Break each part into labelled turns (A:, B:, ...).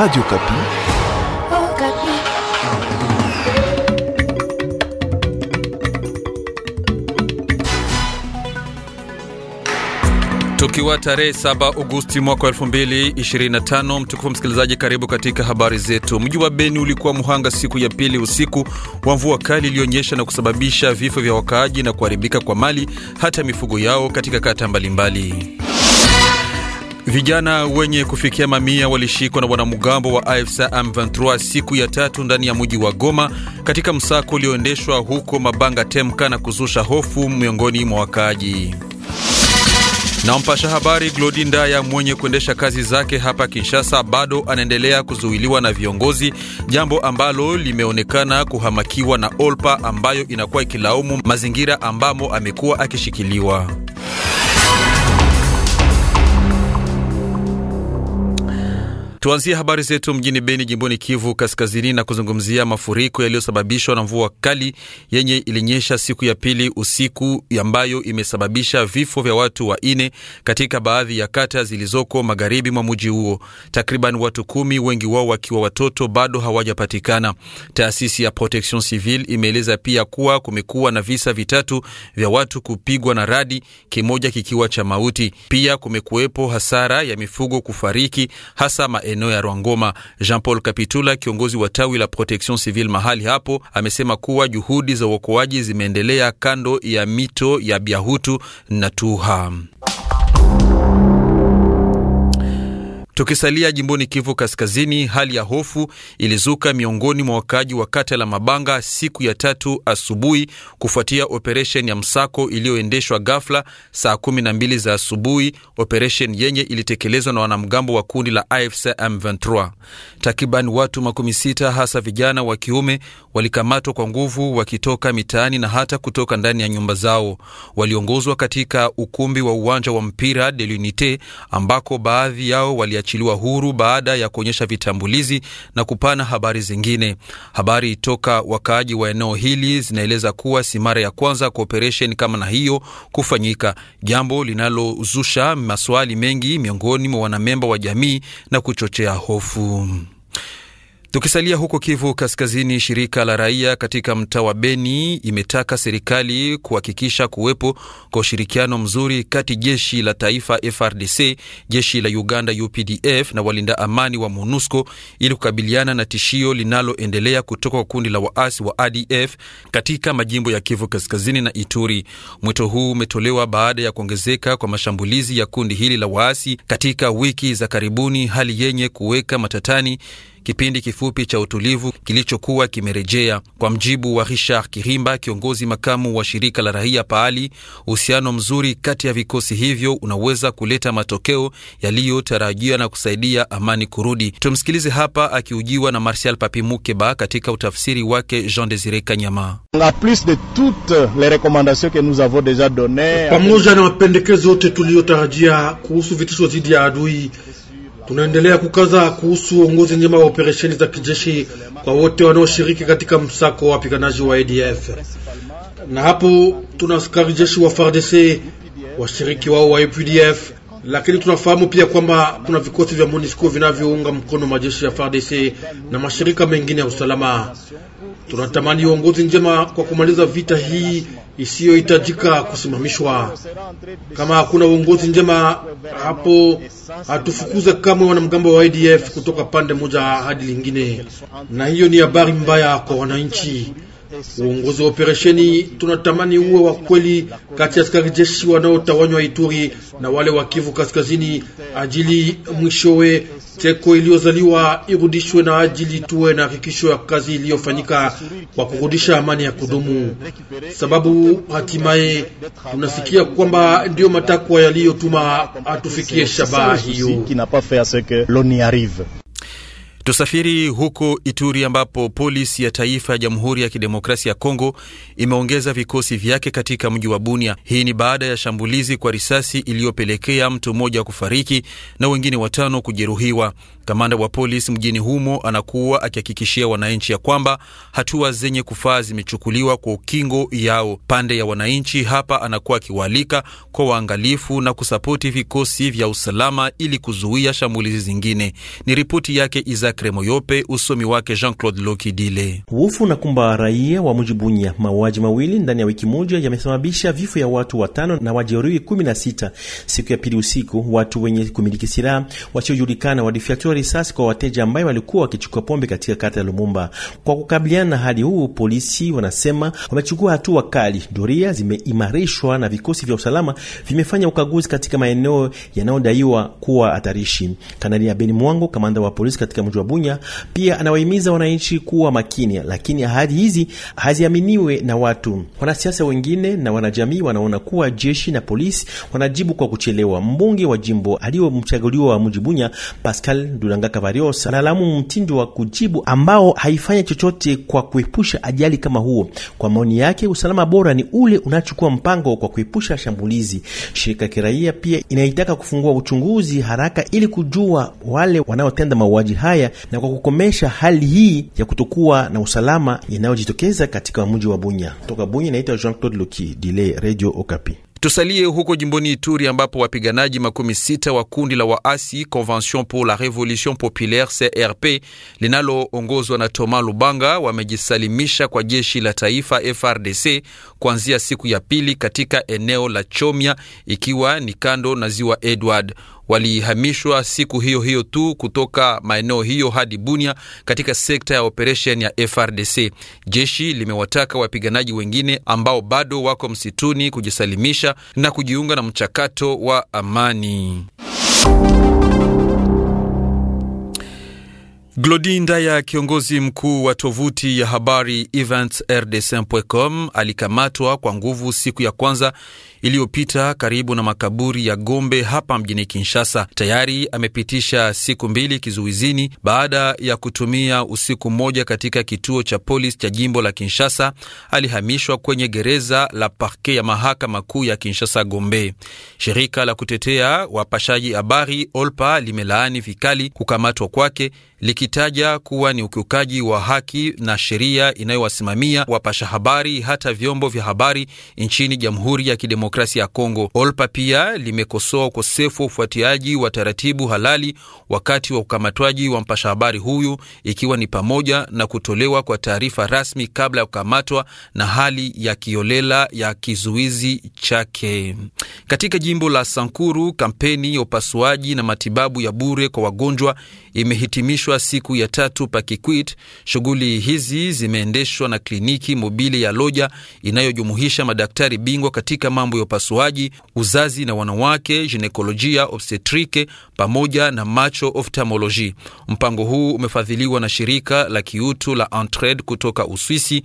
A: Radio Kapi.
B: Oh, Kapi.
C: Tukiwa tarehe 7 Agosti mwaka 2025, mtukufu msikilizaji, karibu katika habari zetu. Mji wa Beni ulikuwa mhanga siku ya pili usiku wa mvua kali iliyonyesha na kusababisha vifo vya wakaaji na kuharibika kwa mali hata mifugo yao katika kata mbalimbali mbali. Vijana wenye kufikia mamia walishikwa na wanamgambo wa AFC M23 siku ya tatu ndani ya mji wa Goma katika msako ulioendeshwa huko Mabanga Temka na kuzusha hofu miongoni mwa wakaaji. Na mpasha habari Glodi Ndaya mwenye kuendesha kazi zake hapa Kinshasa bado anaendelea kuzuiliwa na viongozi, jambo ambalo limeonekana kuhamakiwa na Olpa ambayo inakuwa ikilaumu mazingira ambamo amekuwa akishikiliwa. Tuanzie habari zetu mjini Beni, jimboni Kivu Kaskazini, na kuzungumzia mafuriko yaliyosababishwa na mvua kali yenye ilinyesha siku ya pili usiku, ambayo imesababisha vifo vya watu wanne katika baadhi ya kata zilizoko magharibi mwa mji huo. Takriban watu kumi, wengi wao wakiwa watoto, bado hawajapatikana. Taasisi ya Protection Civile imeeleza pia kuwa kumekuwa na visa vitatu vya watu kupigwa na radi, kimoja kikiwa cha mauti. Pia kumekuwepo hasara ya mifugo kufariki hasa eneo ya Rwangoma. Jean Paul Kapitula, kiongozi wa tawi la Protection Civil mahali hapo, amesema kuwa juhudi za uokoaji zimeendelea kando ya mito ya Biahutu na Tuha. Tukisalia jimboni Kivu Kaskazini, hali ya hofu ilizuka miongoni mwa wakaaji wa kata la Mabanga siku ya tatu asubuhi kufuatia operesheni ya msako iliyoendeshwa ghafla saa kumi na mbili za asubuhi, operesheni yenye ilitekelezwa na wanamgambo wa kundi la AFC M23. Takriban watu makumi sita hasa vijana wa kiume walikamatwa kwa nguvu wakitoka mitaani na hata kutoka ndani ya nyumba zao. Waliongozwa katika ukumbi wa uwanja wa mpira de l'Unite ambako baadhi yao waliachiliwa huru baada ya kuonyesha vitambulizi na kupana habari zingine. Habari toka wakaaji wa eneo hili zinaeleza kuwa si mara ya kwanza kwa operesheni kama na hiyo kufanyika, jambo linalozusha maswali mengi miongoni mwa wanamemba wa jamii na kuchochea hofu. Tukisalia huko Kivu Kaskazini, shirika la raia katika mtaa wa Beni imetaka serikali kuhakikisha kuwepo kwa ushirikiano mzuri kati jeshi la taifa FRDC, jeshi la Uganda UPDF na walinda amani wa MONUSCO ili kukabiliana na tishio linaloendelea kutoka kwa kundi la waasi wa ADF katika majimbo ya Kivu Kaskazini na Ituri. Mwito huu umetolewa baada ya kuongezeka kwa mashambulizi ya kundi hili la waasi katika wiki za karibuni, hali yenye kuweka matatani kipindi kifupi cha utulivu kilichokuwa kimerejea. Kwa mjibu wa Richard Kirimba, kiongozi makamu wa shirika la raia Paali, uhusiano mzuri kati ya vikosi hivyo unaweza kuleta matokeo yaliyotarajiwa na kusaidia amani kurudi. Tumsikilize hapa akiujiwa na Martial Papi Mukeba katika utafsiri wake Jean Desire Kanyama. Pamoja
D: na mapendekezo yote tuliyotarajia kuhusu vitisho dhidi ya adui Tunaendelea kukaza kuhusu uongozi njema wa operesheni za kijeshi kwa wote wanaoshiriki katika msako wa wapiganaji wa ADF, na hapo tuna askari jeshi wa FARDC washiriki wao wa UPDF, lakini tunafahamu pia kwamba kuna vikosi vya MONUSCO vinavyounga mkono majeshi ya FARDC na mashirika mengine ya usalama. Tunatamani uongozi njema kwa kumaliza vita hii isiyohitajika kusimamishwa. Kama hakuna uongozi njema, hapo hatufukuze kamwe wanamgambo wa ADF kutoka pande moja hadi lingine, na hiyo ni habari mbaya kwa wananchi. Uongozi wa operesheni tunatamani uwe wa kweli kati ya askari jeshi wanaotawanywa Ituri na wale wa Kivu Kaskazini, ajili mwishowe Cheko iliyozaliwa irudishwe na ajili tuwe na hakikisho ya kazi iliyofanyika kwa kurudisha amani ya kudumu, sababu hatimaye tunasikia kwamba ndiyo matakwa yaliyotuma atufikie shabaha hiyo.
C: Tusafiri huko Ituri ambapo polisi ya taifa ya Jamhuri ya Kidemokrasia ya Kongo imeongeza vikosi vyake katika mji wa Bunia. Hii ni baada ya shambulizi kwa risasi iliyopelekea mtu mmoja kufariki na wengine watano kujeruhiwa. Kamanda wa polisi mjini humo anakuwa akihakikishia wananchi ya kwamba hatua zenye kufaa zimechukuliwa kwa ukingo yao. Pande ya wananchi hapa anakuwa akiwaalika kwa waangalifu na kusapoti vikosi vya usalama ili kuzuia shambulizi zingine. Ni ripoti yake Isaac Sacre Moyope, usomi wake Jean-Claude Lokidile.
A: Hofu na kumba raia wa mji Bunia. Mauaji mawili ndani ya wiki moja yamesababisha vifo ya watu watano na wajeruhi 16. Siku ya pili usiku, watu wenye kumiliki silaha wasiojulikana walifyatua risasi kwa wateja ambayo walikuwa wakichukua pombe katika kata ya Lumumba. Kwa kukabiliana na hali huu, polisi wanasema wamechukua hatua kali. Doria zimeimarishwa na vikosi vya usalama vimefanya ukaguzi katika maeneo yanayodaiwa kuwa hatarishi. Kanali ya Beni Mwango, kamanda wa polisi katika mji wa Bunya pia anawahimiza wananchi kuwa makini, lakini ahadi hizi haziaminiwe na watu. Wanasiasa wengine na wanajamii wanaona kuwa jeshi na polisi wanajibu kwa kuchelewa. Mbunge wa jimbo aliyomchaguliwa wa mji Bunya, Pascal Dulanga Kavarios, analamu mtindo wa kujibu ambao haifanya chochote kwa kuepusha ajali kama huo. Kwa maoni yake, usalama bora ni ule unachukua mpango kwa kuepusha shambulizi. Shirika kiraia pia inaitaka kufungua uchunguzi haraka ili kujua wale wanaotenda mauaji haya na kwa kukomesha hali hii ya kutokuwa na usalama inayojitokeza katika mji wa Bunya. Toka Bunya, naitwa Jean Claude Luki Dile, Radio Okapi.
C: Tusalie huko jimboni Ituri ambapo wapiganaji makumi sita wa kundi la waasi Convention pour la Revolution Populaire CRP linaloongozwa na Toma Lubanga wamejisalimisha kwa jeshi la taifa FRDC kuanzia siku ya pili katika eneo la Chomia, ikiwa ni kando na ziwa Edward walihamishwa siku hiyo hiyo tu kutoka maeneo hiyo hadi Bunia katika sekta ya operesheni ya FRDC. Jeshi limewataka wapiganaji wengine ambao bado wako msituni kujisalimisha na kujiunga na mchakato wa amani. Glodi Ndaya, kiongozi mkuu wa tovuti ya habari Events RDC.com, alikamatwa kwa nguvu siku ya kwanza iliyopita karibu na makaburi ya Gombe hapa mjini Kinshasa. Tayari amepitisha siku mbili kizuizini baada ya kutumia usiku mmoja katika kituo cha polisi cha jimbo la Kinshasa. Alihamishwa kwenye gereza la Parke ya mahakama kuu ya Kinshasa Gombe. Shirika la kutetea wapashaji habari OLPA limelaani vikali kukamatwa kwake likitaja kuwa ni ukiukaji wa haki na sheria inayowasimamia wapasha habari hata vyombo vya habari nchini Jamhuri ya Kidemokrasia ya Kongo. Olpa pia limekosoa ukosefu wa ufuatiaji wa taratibu halali wakati wa ukamatwaji wa mpasha habari huyu, ikiwa ni pamoja na kutolewa kwa taarifa rasmi kabla ya kukamatwa na hali ya kiolela ya kizuizi chake. Katika jimbo la Sankuru, kampeni ya upasuaji na matibabu ya bure kwa wagonjwa imehitimishwa kuadhimishwa siku ya tatu pakiquit Shughuli hizi zimeendeshwa na kliniki mobili ya Loja inayojumuisha madaktari bingwa katika mambo ya upasuaji, uzazi na wanawake, ginekolojia, obstetrike pamoja na macho oftalmoloji. Mpango huu umefadhiliwa na shirika la kiutu la Entraide kutoka Uswisi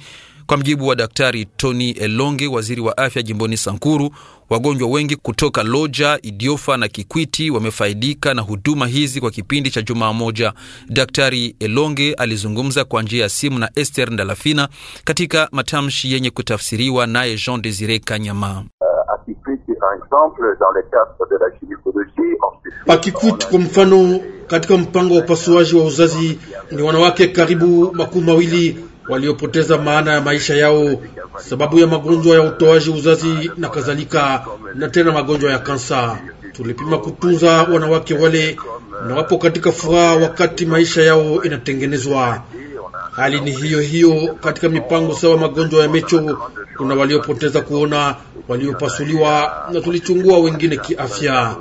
C: kwa mjibu wa Daktari Tony Elonge, waziri wa afya jimboni Sankuru, wagonjwa wengi kutoka Loja, Idiofa na Kikwiti wamefaidika na huduma hizi kwa kipindi cha jumaa moja. Daktari Elonge alizungumza kwa njia ya simu na Esther Ndalafina katika matamshi yenye kutafsiriwa naye Jean Desire Kanyama. Pakikwiti kwa mfano, katika mpango
D: wa upasuaji wa uzazi ni wanawake karibu makumi mawili waliopoteza maana ya maisha yao sababu ya magonjwa ya utoaji uzazi na kadhalika, na tena magonjwa ya kansa. Tulipima kutunza wanawake wale na wapo katika furaha wakati maisha yao inatengenezwa. Hali ni hiyo hiyo katika mipango sawa magonjwa ya mecho Kuna waliopoteza kuona, waliopasuliwa na tulichungua wengine kiafya,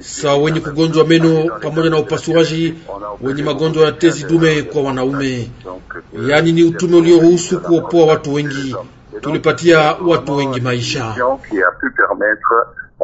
D: sawa wenye kugonjwa meno pamoja na upasuaji, wenye magonjwa ya tezi dume kwa wanaume. Yaani ni utume ulioruhusu kuopoa
C: watu wengi, tulipatia watu wengi maisha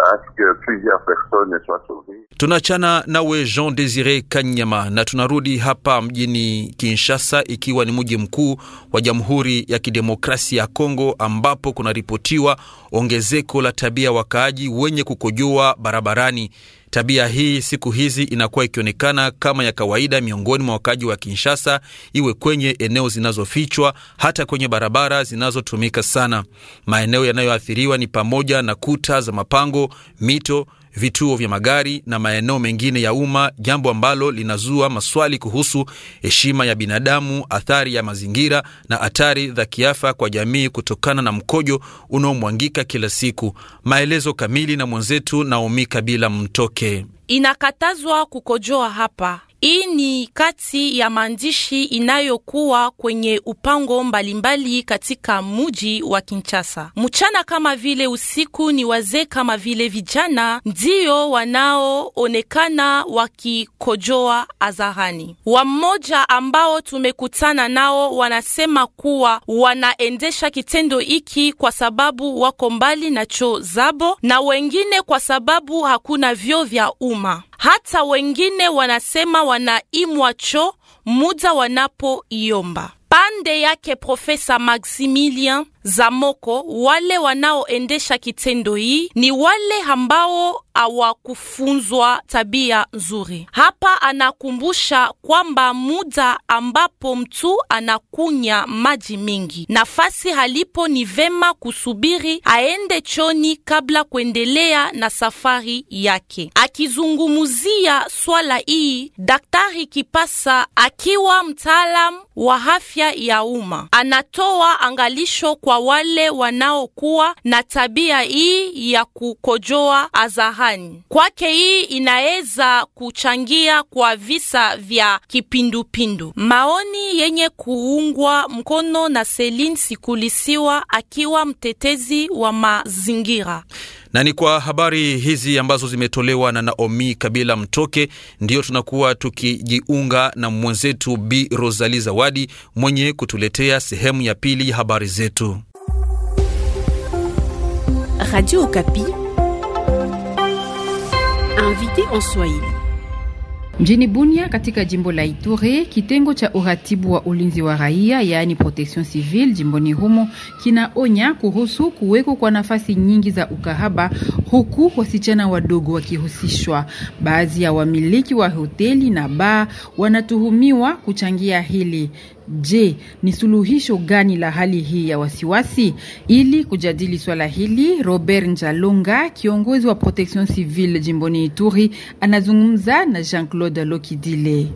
D: à ce que plusieurs personnes soient sauvées.
C: Tunaachana nawe Jean Desire Kanyama na tunarudi hapa mjini Kinshasa, ikiwa ni mji mkuu wa Jamhuri ya Kidemokrasia ya Kongo, ambapo kunaripotiwa ongezeko la tabia wakaaji wenye kukojoa barabarani. Tabia hii siku hizi inakuwa ikionekana kama ya kawaida miongoni mwa wakaji wa Kinshasa, iwe kwenye eneo zinazofichwa, hata kwenye barabara zinazotumika sana. Maeneo yanayoathiriwa ni pamoja na kuta za mapango, mito vituo vya magari na maeneo mengine ya umma, jambo ambalo linazua maswali kuhusu heshima ya binadamu, athari ya mazingira na hatari za kiafya kwa jamii kutokana na mkojo unaomwangika kila siku. Maelezo kamili na mwenzetu Naomi Kabila Mtoke.
E: Inakatazwa kukojoa hapa hii ni kati ya maandishi inayokuwa kwenye upango mbalimbali mbali katika muji wa Kinshasa. Mchana kama vile usiku, ni wazee kama vile vijana ndiyo wanaoonekana wakikojoa hadharani. Wamoja ambao tumekutana nao wanasema kuwa wanaendesha kitendo hiki kwa sababu wako mbali na choo zabo, na wengine kwa sababu hakuna vyoo vya umma hata wengine wanasema wanaimwa cho muda wanapoiomba. Pande yake Profesa Maximilien za moko. Wale wanaoendesha kitendo hii ni wale ambao hawakufunzwa tabia nzuri. Hapa anakumbusha kwamba muda ambapo mtu anakunya maji mingi, nafasi halipo, ni vema kusubiri aende choni kabla kuendelea na safari yake. Akizungumuzia swala hii, Daktari Kipasa akiwa mtaalam wa afya ya umma anatoa angalisho kwa kwa wale wanaokuwa na tabia hii ya kukojoa azahani. Kwake hii inaweza kuchangia kwa visa vya kipindupindu. Maoni yenye kuungwa mkono na Celine Sikulisiwa akiwa mtetezi wa mazingira.
C: Na ni kwa habari hizi ambazo zimetolewa na Naomi Kabila Mtoke, ndiyo tunakuwa tukijiunga na mwenzetu Bi Rosali Zawadi mwenye kutuletea sehemu ya pili ya habari
B: zetu.
E: Radio Okapi,
B: invité en Swahili. Mjini Bunia katika jimbo la Ituri, kitengo cha uratibu wa ulinzi wa raia yaani protection civile jimboni humo kinaonya kuhusu kuweko kwa nafasi nyingi za ukahaba huku wasichana wadogo wakihusishwa. Baadhi ya wamiliki wa hoteli na baa wanatuhumiwa kuchangia hili. Je, ni suluhisho gani la hali hii ya wasiwasi? Ili kujadili swala hili, Robert Njalonga, kiongozi wa Protection Civile jimboni Ituri, anazungumza na Jean-Claude Lokidile.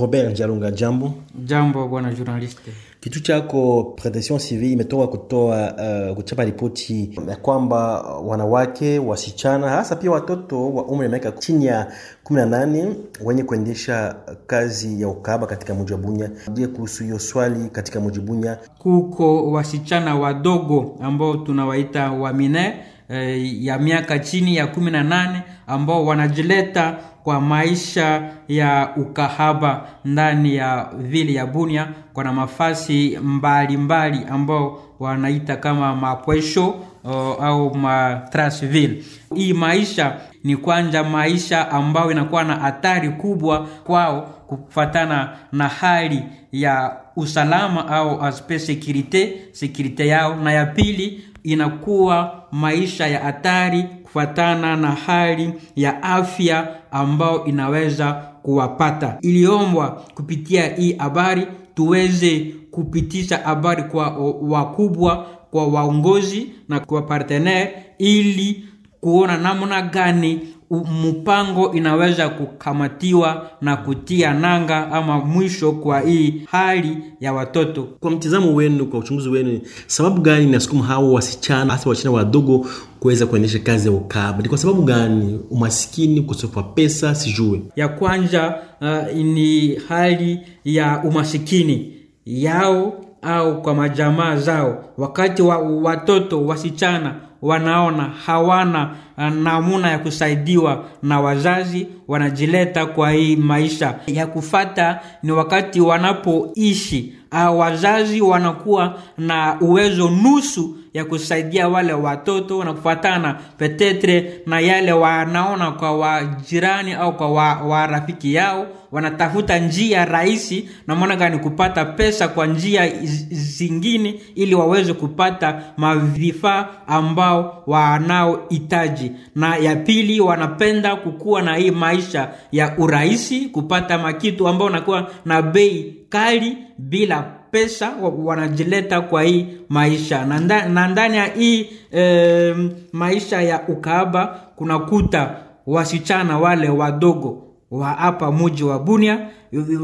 A: Robert Njalonga, jambo. Jambo bwana journaliste. Kitu chako protection civil imetoka kutoa uh, kuchapa ripoti ya kwamba wanawake, wasichana, hasa pia watoto wa umri wa miaka chini ya 18 wenye kuendesha kazi ya ukaba katika mji wa Bunya. Je, kuhusu hiyo swali katika mji Bunya, kuko
F: wasichana wadogo ambao tunawaita wamine eh, ya miaka chini ya 18 ambao wanajileta kwa maisha ya ukahaba ndani ya vile ya Bunia. na mafasi mbalimbali ambao wanaita kama mapwesho uh, au matrasville. Hii maisha ni kwanja maisha ambayo inakuwa na hatari kubwa kwao kufatana na hali ya usalama au aspe securite securite yao, na ya pili inakuwa maisha ya hatari kufatana na hali ya afya ambayo inaweza kuwapata. Iliombwa kupitia hii habari tuweze kupitisha habari kwa wakubwa, kwa waongozi na kwa partenaire, ili kuona namna gani mpango inaweza kukamatiwa na kutia nanga
A: ama mwisho kwa hii hali ya watoto. Kwa mtizamo wenu, kwa uchunguzi wenu, sababu gani nasukuma hao wasichana hasa wachina wadogo kuweza kuendesha kazi ya ukaba Ni kwa sababu gani? Umasikini, kusofa pesa, sijue.
F: Ya kwanza uh, ni hali ya umasikini yao au kwa majamaa zao wakati wa, watoto wasichana wanaona hawana ah, namuna ya kusaidiwa na wazazi, wanajileta kwa hii maisha ya kufata. Ni wakati wanapoishi ah, wazazi wanakuwa na uwezo nusu ya kusaidia wale watoto na kufuatana petetre na yale wanaona kwa wajirani au kwa warafiki wa yao wanatafuta njia rahisi namonaka kupata pesa kwa njia zingine ili waweze kupata mavifaa ambao wanaohitaji na ya pili wanapenda kukuwa na hii maisha ya urahisi kupata makitu ambao nakuwa na bei kali bila pesa wanajileta kwa hii maisha na ndani ya hii e, maisha ya ukaaba kunakuta wasichana wale wadogo wa hapa muji wa Bunia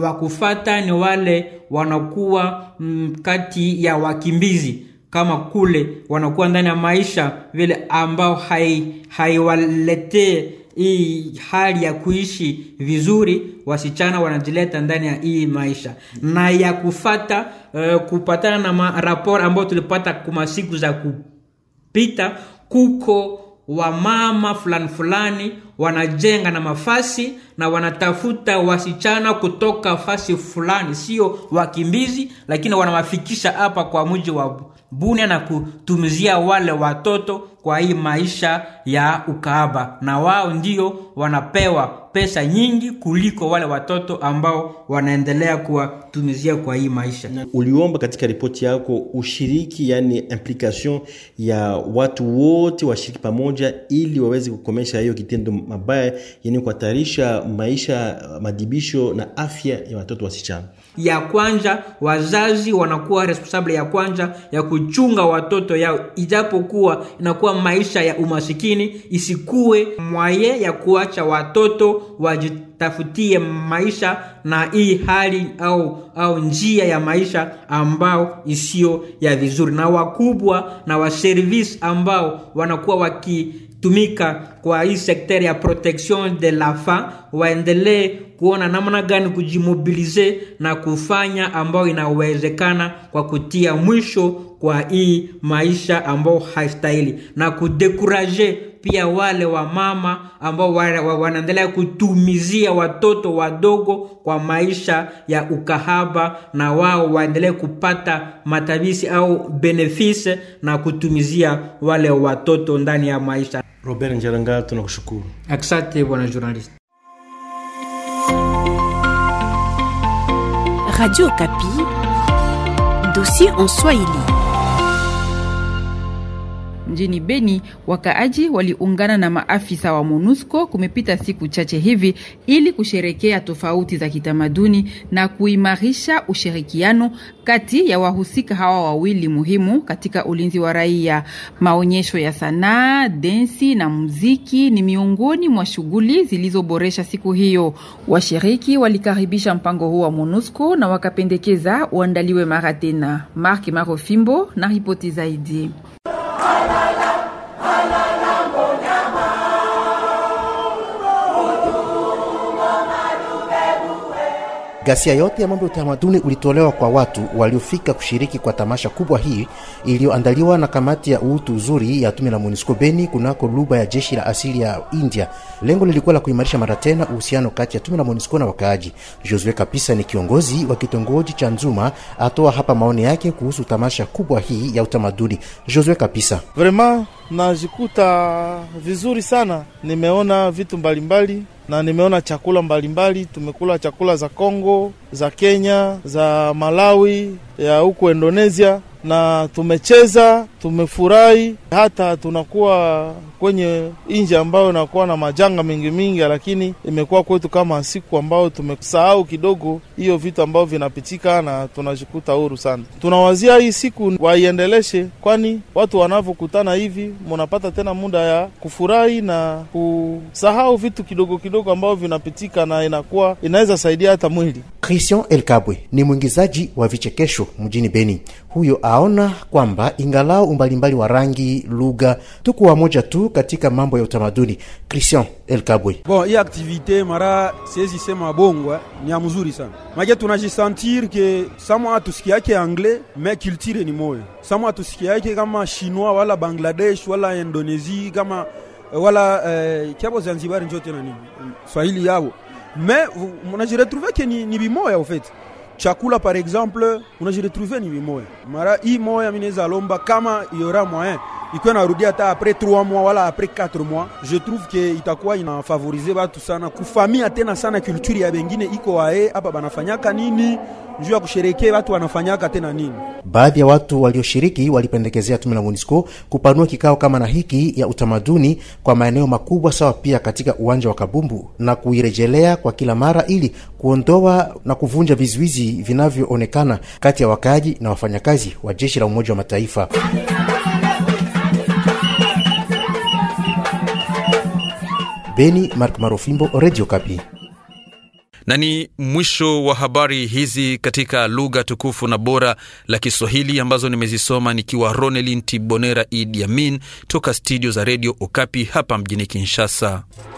F: wakufata ni wale wanakuwa mm, kati ya wakimbizi kama kule wanakuwa ndani ya maisha vile ambao haiwaletee hai hii hali ya kuishi vizuri, wasichana wanajileta ndani ya hii maisha na ya kufata uh, kupatana na marapor ambayo tulipata kuma siku za kupita, kuko wamama fulani fulani wanajenga na mafasi na wanatafuta wasichana kutoka fasi fulani, sio wakimbizi, lakini wanawafikisha hapa kwa mji wa Bunia na kutumizia wale watoto kwa hii maisha ya ukaaba na wao ndio wanapewa pesa nyingi kuliko wale watoto ambao
A: wanaendelea kuwatumizia kwa hii maisha. Uliomba katika ripoti yako ushiriki, yani implication ya watu wote washiriki pamoja, ili waweze kukomesha hiyo kitendo mabaya yani kuhatarisha maisha, madibisho na afya ya watoto wasichana.
F: Ya kwanza, wazazi wanakuwa responsable ya kwanza ya kuchunga watoto yao, ijapokuwa inakuwa maisha ya umasikini isikuwe mwaye ya kuacha watoto wajitafutie maisha na hii hali au au njia ya maisha ambao isiyo ya vizuri, na wakubwa na waservisi ambao wanakuwa waki tumika kwa hii sekter ya protection de la fa waendelee kuona namna gani kujimobilize na kufanya ambayo inawezekana kwa kutia mwisho kwa hii maisha ambao haistahili na kudekuraje pia wale wa mama ambao wanaendelea kutumizia watoto wadogo kwa maisha ya ukahaba, na wao waendelee kupata matabisi au benefise na kutumizia wale watoto ndani ya maisha. Robert Njaranga, tunakushukuru. Asante bwana journaliste.
B: Radio capi dossier en Swahili. mjini Beni, wakaaji waliungana na maafisa wa MONUSCO kumepita siku chache hivi ili kusherekea tofauti za kitamaduni na kuimarisha ushirikiano kati ya wahusika hawa wawili muhimu katika ulinzi wa raia. Maonyesho ya sanaa, densi na muziki ni miongoni mwa shughuli zilizoboresha siku hiyo. Washiriki walikaribisha mpango huu wa MONUSCO na wakapendekeza uandaliwe mara tena. Mark Marofimbo na ripoti zaidi. bye life.
G: Ghasia yote ya mambo ya utamaduni ulitolewa kwa watu waliofika kushiriki kwa tamasha kubwa hii iliyoandaliwa na kamati ya uutu uzuri ya tume la MONUSCO Beni kunako luba ya jeshi la asili ya India. Lengo lilikuwa la kuimarisha mara tena uhusiano kati ya tume la MONUSCO na wakaaji. Josue Kapisa ni kiongozi wa kitongoji cha Nzuma, atoa hapa maoni yake kuhusu tamasha kubwa hii ya utamaduni. Josue Kapisa:
A: Vraiment najikuta vizuri sana, nimeona vitu mbalimbali mbali na nimeona chakula mbalimbali mbali. Tumekula chakula za Kongo, za Kenya, za Malawi, ya huku Indonesia na tumecheza, tumefurahi, hata tunakuwa kwenye nji ambayo inakuwa na majanga mengi mingi, lakini imekuwa kwetu kama siku ambayo tumesahau kidogo hiyo vitu ambavyo vinapitika na tunajikuta huru sana. Tunawazia hii siku waiendeleshe, kwani watu wanavyokutana hivi munapata tena muda ya kufurahi na kusahau vitu kidogo kidogo ambavyo vinapitika na inakuwa inaweza saidia hata mwili.
G: Christian Elkabwe ni mwingizaji wa vichekesho mjini Beni huyo aona kwamba ingalau umbalimbali wa rangi, lugha, tuko wamoja tu katika mambo ya utamaduni. Christian Elkabwe:
A: bon, hii aktivite mara siezi sema bongwa, eh, ni ya mzuri sana maje, tunajisentir ke samwa atusikiake anglais me culture ni moyo, samwa atusikiake kama chinois wala Bangladesh wala indonesie kama eh, wala eh, kiabo Zanzibar njo tena nini Swahili yabo me munajiretrouve ke ni, ni bimoya ufeti chakula par exemple, on unajitruve ni mimoya mara hii moya minaweza lomba kama aura moyen ikiwa narudia hata après 3 mois wala après 4 mois, je trouve ke itakuwa inafavorize batu sana kufamia tena sana culture ya bengine iko wae hapa banafanyaka nini njuu ya kusherekea watu wanafanyaka tena nini.
G: Baadhi ya watu walioshiriki walipendekezea tume la MONUSCO kupanua kikao kama na hiki ya utamaduni kwa maeneo makubwa sawa, pia katika uwanja wa Kabumbu na kuirejelea kwa kila mara, ili kuondoa na kuvunja vizuizi vinavyoonekana kati ya wakaaji na wafanyakazi wa jeshi la Umoja wa Mataifa. Beni, Mark Marofimbo, Radio Kapi.
C: Na ni mwisho wa habari hizi katika lugha tukufu na bora la Kiswahili ambazo nimezisoma nikiwa Ronelin Tibonera Idi Amin toka studio za Radio Okapi hapa mjini Kinshasa.